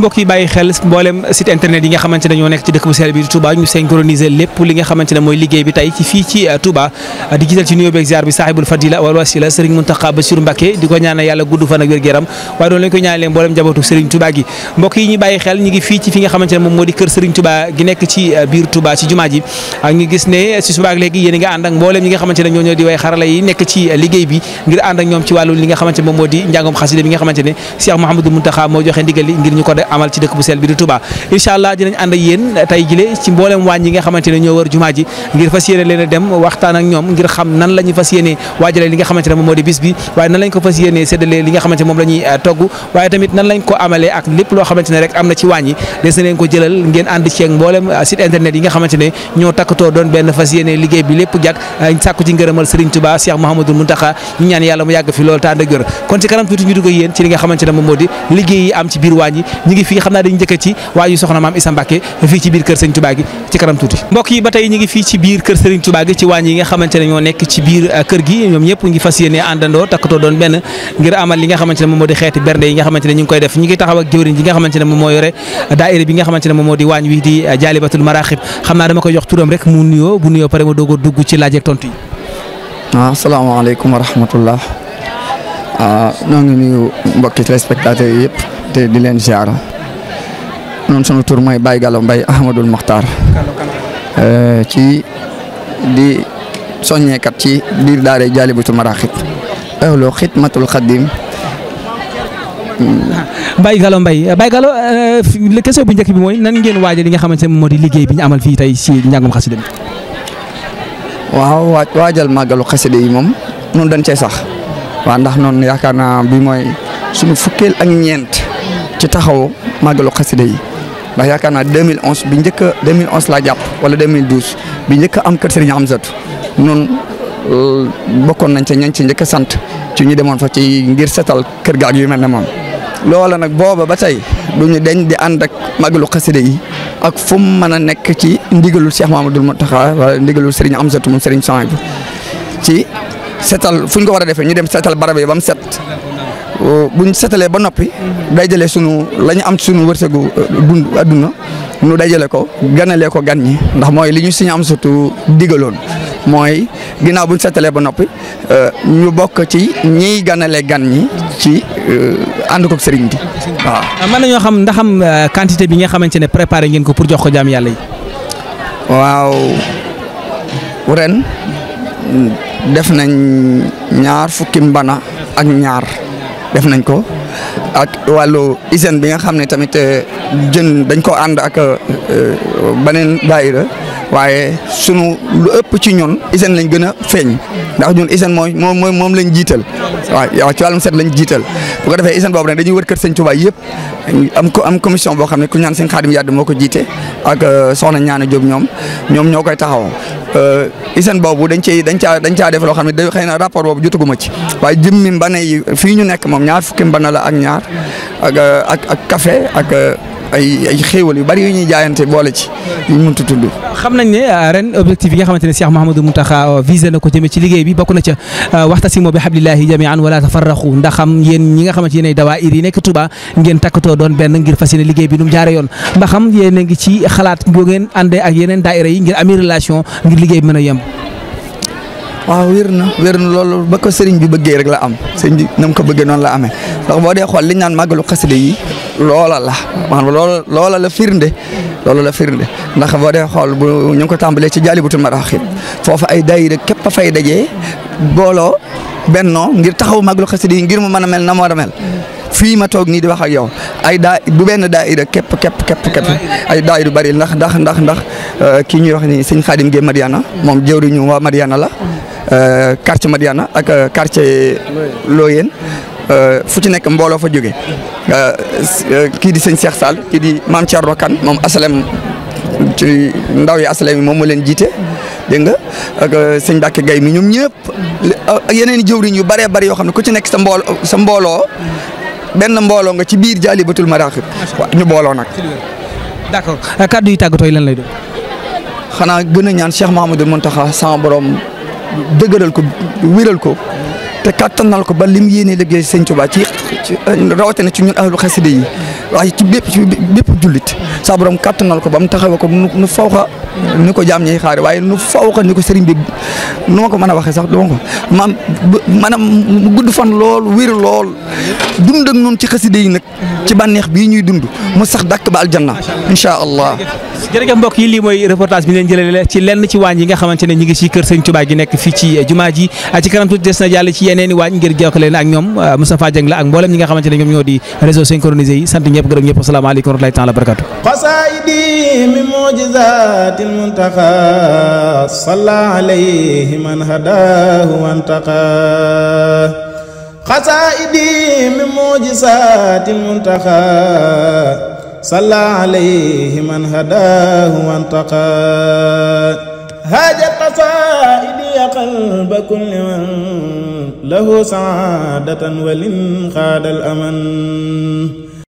mbokk yi bàyyi xel mboolem site internet yi nga xamante ne ñoo nekk ci dëkk bu sell bi di Touba ñu synchroniser lépp li nga xamante ne mooy liggéey bi tey ci fii ci euh, Touba di gisal ci nuyoo beeg ziar bi saaxibul fadila wal wasila Serigne Mountakha Bassirou Mbacké di ko ñaanal yàlla gudd fan ak wér gu yaram waaye doon lañ ko ñaanalee mboolem jabootu Serigne Touba gi mbokk yi ñu bàyyi xel ñu ngi fii ci fi nga xamante ne moom moo di kër Serigne Touba gi nekk ci euh, biir Touba ci jumaa ji ñu gis ne si subaak léegi yéen nga ànd ak mboolem ñi nga xamante ne ñoo ñoo di way xarala yi nekk ci euh, liggéey bi ngir ànd ak ñoom ci wàllu li nga xamante ne moom moo di njàngom xasida bi nga xamante ne Cheikh Mouhamadou Mountakha moo joxe ndigal li ngir ñu ko amal ci dëkk bu sel bi di Touba incha allah dinañ ànd ak yéen jile ci mboolem waañ yi nga xamante ne ñoo wër jumaa ji ngir fas yéene leen a dem waxtaan ak ñoom ngir xam nan la ñu fas yéene waajalee li nga xamante ne moom moo di bis bi waaye nan lañ ko fas yéene séddalee li nga xamante ne moom la ñuy eh, togg waaye tamit nan lañ ko amalee ak lépp loo xamante rek am na ci waañ des na ko jëlal ngeen ànd ci mboolem eh, site internet yi nga xamante ne ñoo takkatoo doon benn fas yéene liggéey bi lépp jàkk eh, sàkku ci ngërëmal ngi fii xam naa dañu njëkk ci waayu soxna maam Issa Mbacke fii ci biir kër Serigne Touba gi ci kanam tuuti mbokk yi ba tey ñu ngi fii ci biir kër Serigne Touba ci waañ yi nga xamante ne nekk ci biir euh, kër gi ñoom ñëpp ngi fas yéene àndandoo takkatoo doon benn ngir amal li nga xamante ne moom moo di xeeti bernde yi nga xamante ne ñu ngi koy def ñu ngi taxaw ak jëwriñ yi nga xamante ne moom moo yore euh, daayira bi nga xamante ne moom moo di waañ wi di euh, jaalibatul maraaxib ma a dugg ci laaj ak tontu yi waaw ah, salaamaaleykum ah, yëpp te di leen ziara noonu sama tur mooy bay Gallo mbay Ahmadul Mokhtar eh, ci di soññeekat ci biir daara Jaalibatul Maraaxib ahlu xidmatul xadim Baye Gallo Mbaye eh, Baye Gallo eh, question bu njëkk bi mooy nan ngeen waajal li nga xamante ne moo di liggéey bi ñu amal fii tey si njàngum xasida bi waaw waajal màggalu xasida yi moom noonu dañ cee sax waaw ndax noonu yaakaar naa bi mooy suñu fukkeel ak ñeent ci taxaw màggalu xasida yi ndax yaakaar naa 2011 bi njëkk a 2011 laa jàpp wala 2012 bi njëkk am kër Serigne Hamzatu noonu euh, bokkoon nañ ca ñañ ci njëkk a sant ci ñu demoon fa ci ngir setal kër gaag yu mel ne moom. loola nag booba ba tey duñu ñu deñ di ànd ak màggalu xasida yi ak fu mu mën a nekk ci ndigalul Cheikh Mamadou Mountakha wala ndigalul Serigne Hamzatu moom Serigne Sohaibou ci setal fu ñu ko war a defee ñu dem setal barab yi ba mu set. bu buñ setalee ba noppi dajale sunu la ñu am sunu wërsëgu euh, dund adduna nu dajale ko ganalee ko gan ñi ndax mooy li ñu suñu am surtout diggaloon mooy ginnaaw buñ setalee ba noppi euh, ñu bokk ci ñiy ganale gan ñi ci euh, ànd ko sëriñ bi waaw. Ah, mën nañoo xam ndax quantité bi nga xamante ne préparé ngeen ko pour jox ko jaam yàlla yi. Mm, def nañ ñaar fukki bana ak ñaar. def nañ ko ak wàllu hygiène bi nga xam ne tamit euh, jën dañ ko ànd ak euh, beneen daayira waaye sunu lu ëpp ci ñoon hygiène lañ gën a feeñ ndax ñun hygiène mooy moom moom lañ jiital waaw ci wàllum set lañ jiital bu ko defee hygiène boobu nag dañuy wër kër sëñ Touba yëpp am ko am commission boo xam ne ku ñaan sëñ Xaadim Yàdd moo ko jiite ak euh, soxna ñaana Jóob ñoom ñoom ñoo koy taxaw hygiène euh, boobu dañ cee dañ caa dañ caa def loo xam ne day xëy na rapport boobu ma ci waaye jëmmi mbana yi fii ñu nekk moom ñaar fukki mbana la ak ñaar ak euh, ak ak café ak ay ay xéewal yu bari yu ñuy jaayante boole ci yu mënta tudd. xam nañ ne euh, ren objectif yi nga xamante ne Cheikh Mouhamadou Mountakha euh, visé na ko jëmee ci liggéey bi bokk na ca euh, waxtasimu bi hablillahi jami'an wala tafarraqu ndax xam yéen ñi nga xamante yéenay dawaayir yi nekk Touba ngeen takkatoo doon benn ngir fas yéene liggéey bi nu mu jaare yoon ba xam yéen a ngi ci xalaat boo ngeen àndee ak yeneen daayira yi ngir amee relation ngir liggéey bi mën a yem. waaw wér na wér na loolu ba ko sëriñ bëggee rek la am sëriñ bi ko bëggee la amee yi loola la maanaam loola la firnde loola la firnde ndax boo dee xool bu ñu ngi ko tàmbalee ci jaalibatul maraaxib foofa ay daayira képp a fay dajee booloo bennoo ngir taxaw maglu xasida yi ngir mu mën a mel na moo mel fii ma toog nii di wax ak yow ay daa du benn daayira képp képp képp képp ay daayira bari ndax ndax ndax ndax euh, kii ñuy wax ni sëñ Xaadim Guèye Madiana moom jëwriñu waa Madiana la euh, quartier Madiana ak euh, quartier Loyenne Euh, fu ci nekk mbooloo fa jóge euh, euh, kii di sëñ Cheikh Sall kii di Mame Thierno Kane moom asalem ci ndaw yi asalem yi moom moo leen jiite dégg nga ak sëñ Mbacke Gueye mi ñoom ñëpp ak yeneen i jëwriñ yu bare bëri yoo xam ne ku ci nekk sa mbool sa mbooloo benn mbooloo nga ci biir Jaalibatul Maraaxib waaw ñu booloo nag. d'accord kàddu yi tàggatoo yi lan lay doon. xanaa gën a ñaan Cheikh Mouhamadul Mountakha sama borom dëgëral ko wéral ko. te kattanal ko ba lim yéene liggéey sëñ Tuubaa ci rawatina ci ñun ahlu xasida yi waaye ci bépp ci bépp jullit saa borom kattanal ko ba mu taxawee ko nu fawxa ni ko jaam ñiy xaare waaye nu fawxa ni ko sëriñ bi nu ma ko mën a waxee sax duma ko maam mu gudd fan lool wér lool dund ak noonu ci xaside yi nag ci bànneex bii ñuy dund mu sax dàkk ba aljanna incha allah jërëjëf mbokk yi lii mooy reportage bi leen jëlee ci lenn ci waañ yi nga xamante ne ñu ngi ci kër sëñ Touba gi nekk fii ci jumaa ji ci kanam tuuti des na jàll ci yeneen i waañ ngir jokkale leen ak euh, la ak mboolem nga xamante ne ñoom ñoo di synchronisé yi sant ñëpp gërëm ñëpp asalaamaaleykum wa rahmatullahi taala barakatu qasaidi min mujizatil muntaqa salla alayhi man hadahu wantaqa xasaa'idi min mu'jizaatil muntaxaa salla alayhi man hadaahu wantaqaa haajat qasaa'idi qalba kulli man lahu saadatan walin xaadal aman